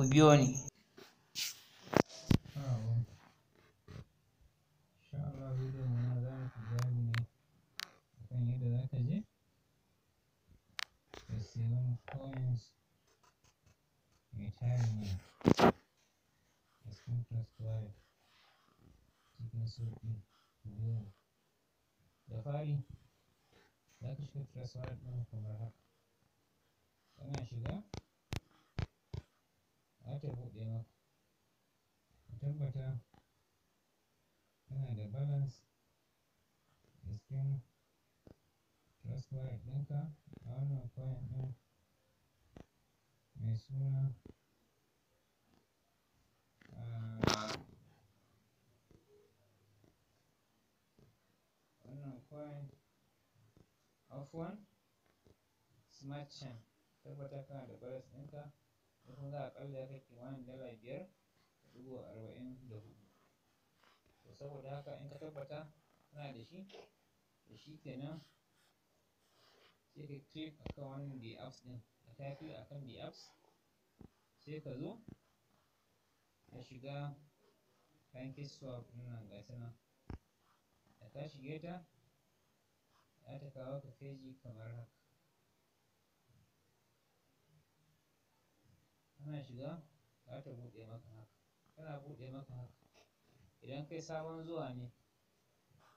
ku biyo ni. da fari za ka ɗin kamar haka tabbata kana da balance a cikin trust ɗinka a wannan coin ɗin mai suna wannan coin afwan smart chain tabbata kana da balance ɗinka ko kuma za a ƙalla ya kai kimanin dala biyar dubu arba'in da hudu to saboda haka in ka tabbata kana da shi da shi kenan sai ka click akan wannan the apps din ka tafi akan the apps sai ka zo ka shiga pancake swap din nan ga ta nan da ka shige ta za ta kawo ka feji kamar haka kana shiga za ta buɗe maka haka tana buɗe maka haka idan kai sabon zuwa ne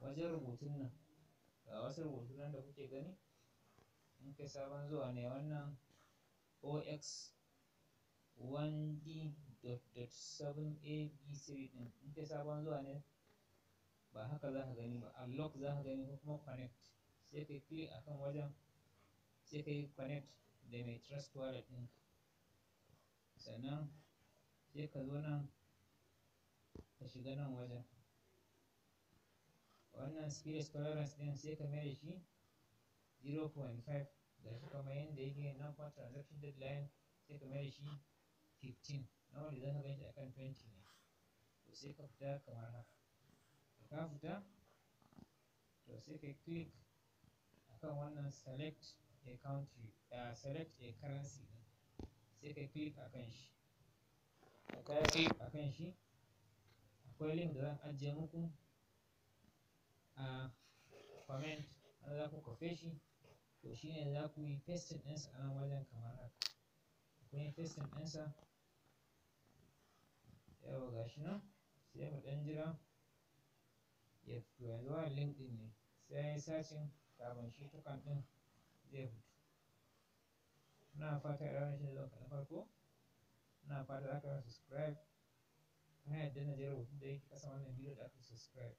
wajen rubutun nan ga wasu rubutu nan da kuke gani in kai sabon zuwa ne wannan ox 1d dot dot 7ab3 din in kai sabon zuwa ne ba haka za ka gani ba unlock za ka gani ko kuma connect sai kai click akan wajen sai kai connect da mai trust wallet ɗinka sannan sai ka zo nan ka shiga nan wajen wannan spirit tolerance din sai ka mai da shi 0.5 da shi kamar yadda yake nan kuma transaction deadline sai ka mai da shi 15 na wanda za ka gan shi a kan 20 ne to sai ka fita kamar haka ka fita to sai ka click akan wannan select a country uh, select a currency sai ka click akan shi ka click akan shi akwai link da zan ajiye muku a comment na za ku kwafe shi to shi ne za ku yi festin ɗinsa a nan wajen kamar haka kun yi festin ɗinsa yawa ga shi nan sai mu ɗan jira ya fito yanzu wani link ɗin ne sai ya yi sacin kafin shi tukan ɗin zai fito ina fata ranar shi zuwa na farko ina fata za ka subscribe na yadda na je rubutu da yake kasa wannan bidiyo da aka subscribe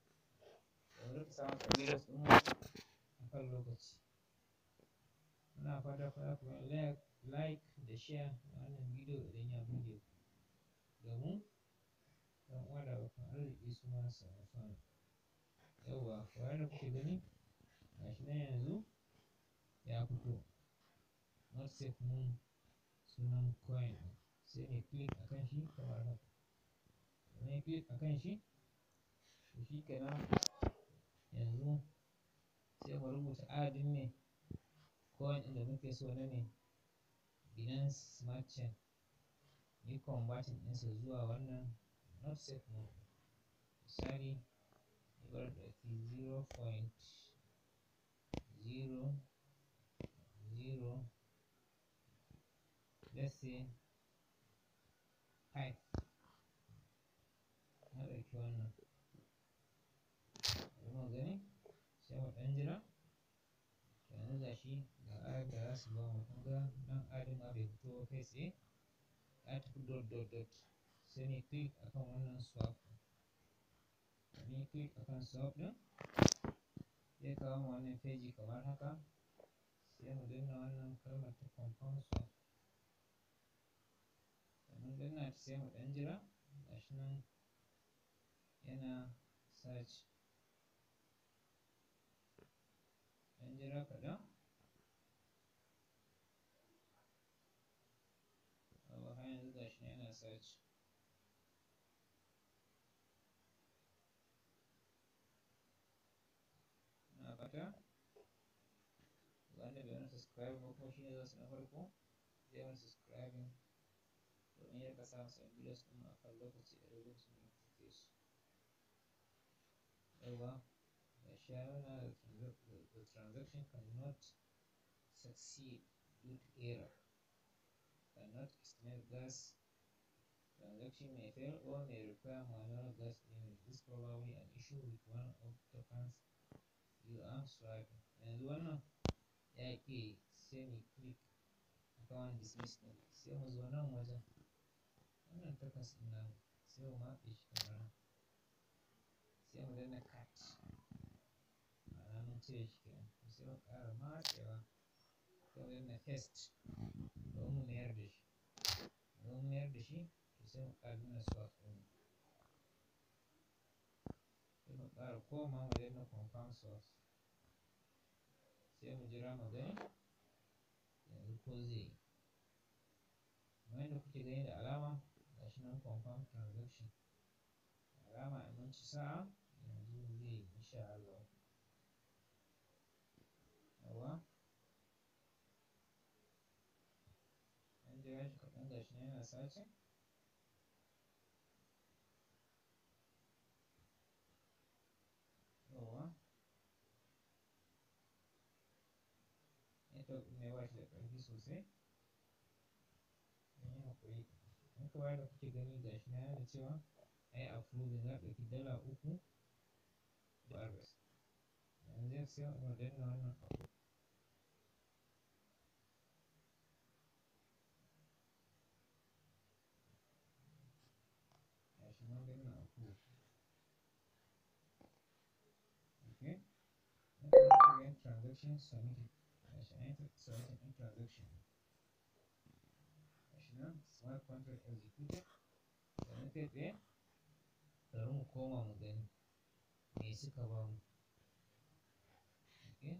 domin ka samu videos ɗin mu a kan lokaci muna fata fara ku like da share na wannan bidiyo idan ya burge ku domin ɗan uwa da abokan arziki su ma su amfana yauwa kwayar da kuke gani gashi nan yanzu ya fito not safe moon sunan coin sai ne click akan shi kamar haka na yi a kan shi shi kenan yanzu sai mu rubuta adadin ne coin da muke so na ne gidan smart chain ni converting ɗinsa zuwa wannan not safe mode misali bar ɗauki 0.0 let's say 5 na ɗauki wannan bari gani sai mu jira shi ga da za bai dot dot dot sai akan wannan swap akan swap ɗin zai kawo wannan kamar haka sai mu wannan kalmar ta swap sai mu ɗan jira gashi nan yana search ɗan kaɗan abu har yanzu yana search na fata wanda bai subscribe ba ko shi ne za su na farko zai wani subscribing domin ya kasa samun videos ɗin a kan lokaci a lokacin da kuke su however, the uh, the, the transaction cannot succeed due to error, cannot estimate gas transaction may fail or may require manual gas image. This is probably an issue with one of the tokens you are swiping. And wannan ya ke sai mu click account dismiss din sai mu zo nan wajen wannan tokens din nan sai mu matse shi sai in danna cat ma'ana na cire shi kenan sai mu ƙara matsewa sai mu danna paste don mu mayar da shi don mu mayar da shi sai mu ƙara danna swap ɗin sai mu ƙara koma mu danna confirm source sai mu jira mu yanzu ko zai yi kamar yadda kuke gani da alama gashi nan confirm transaction alama aminci sa'a insha Allah yawa an shi kaɗan gashi na yana sace yawa network ne ba shi da ƙarfi sosai yi haƙuri in da kuke gani na yana cewa ai approving za ɗauki dala uku virus yanzu ya siya mu daina wannan abu shi daina shi yi shi smart contract executed sannan kai tsaye mu koma mu gani me suka ba mu. Okay?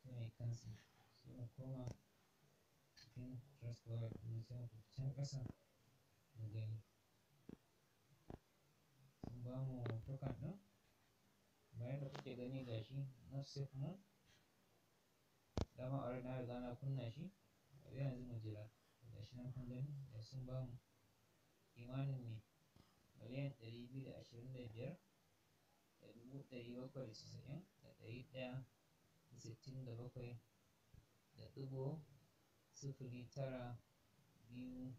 Sai mu yi cancel. Sai mu koma cikin cross product ɗin sai mu tafi can ƙasa mu gani. Sun ba mu token ɗin. Bayan da kuke gani ga shi not safe nan. Dama a na riga na kunna shi. Yanzu mu jira. Ga shi nan kun gani da sun ba mu kimanin ne miliyan ɗari biyu da ashirin da biyar da dubu ɗari bakwai da casa'in da ɗari ɗaya da sittin da bakwai da ɗigo sifili tara biyu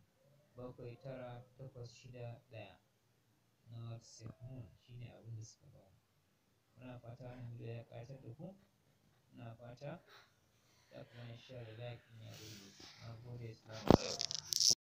bakwai tara takwas shida ɗaya na WhatsApp shi ne abin da suka ba muna fata wannan bidiyo ya ƙayatar da ku muna fata za ku mana share da like in ya gode na gode salamu alaikum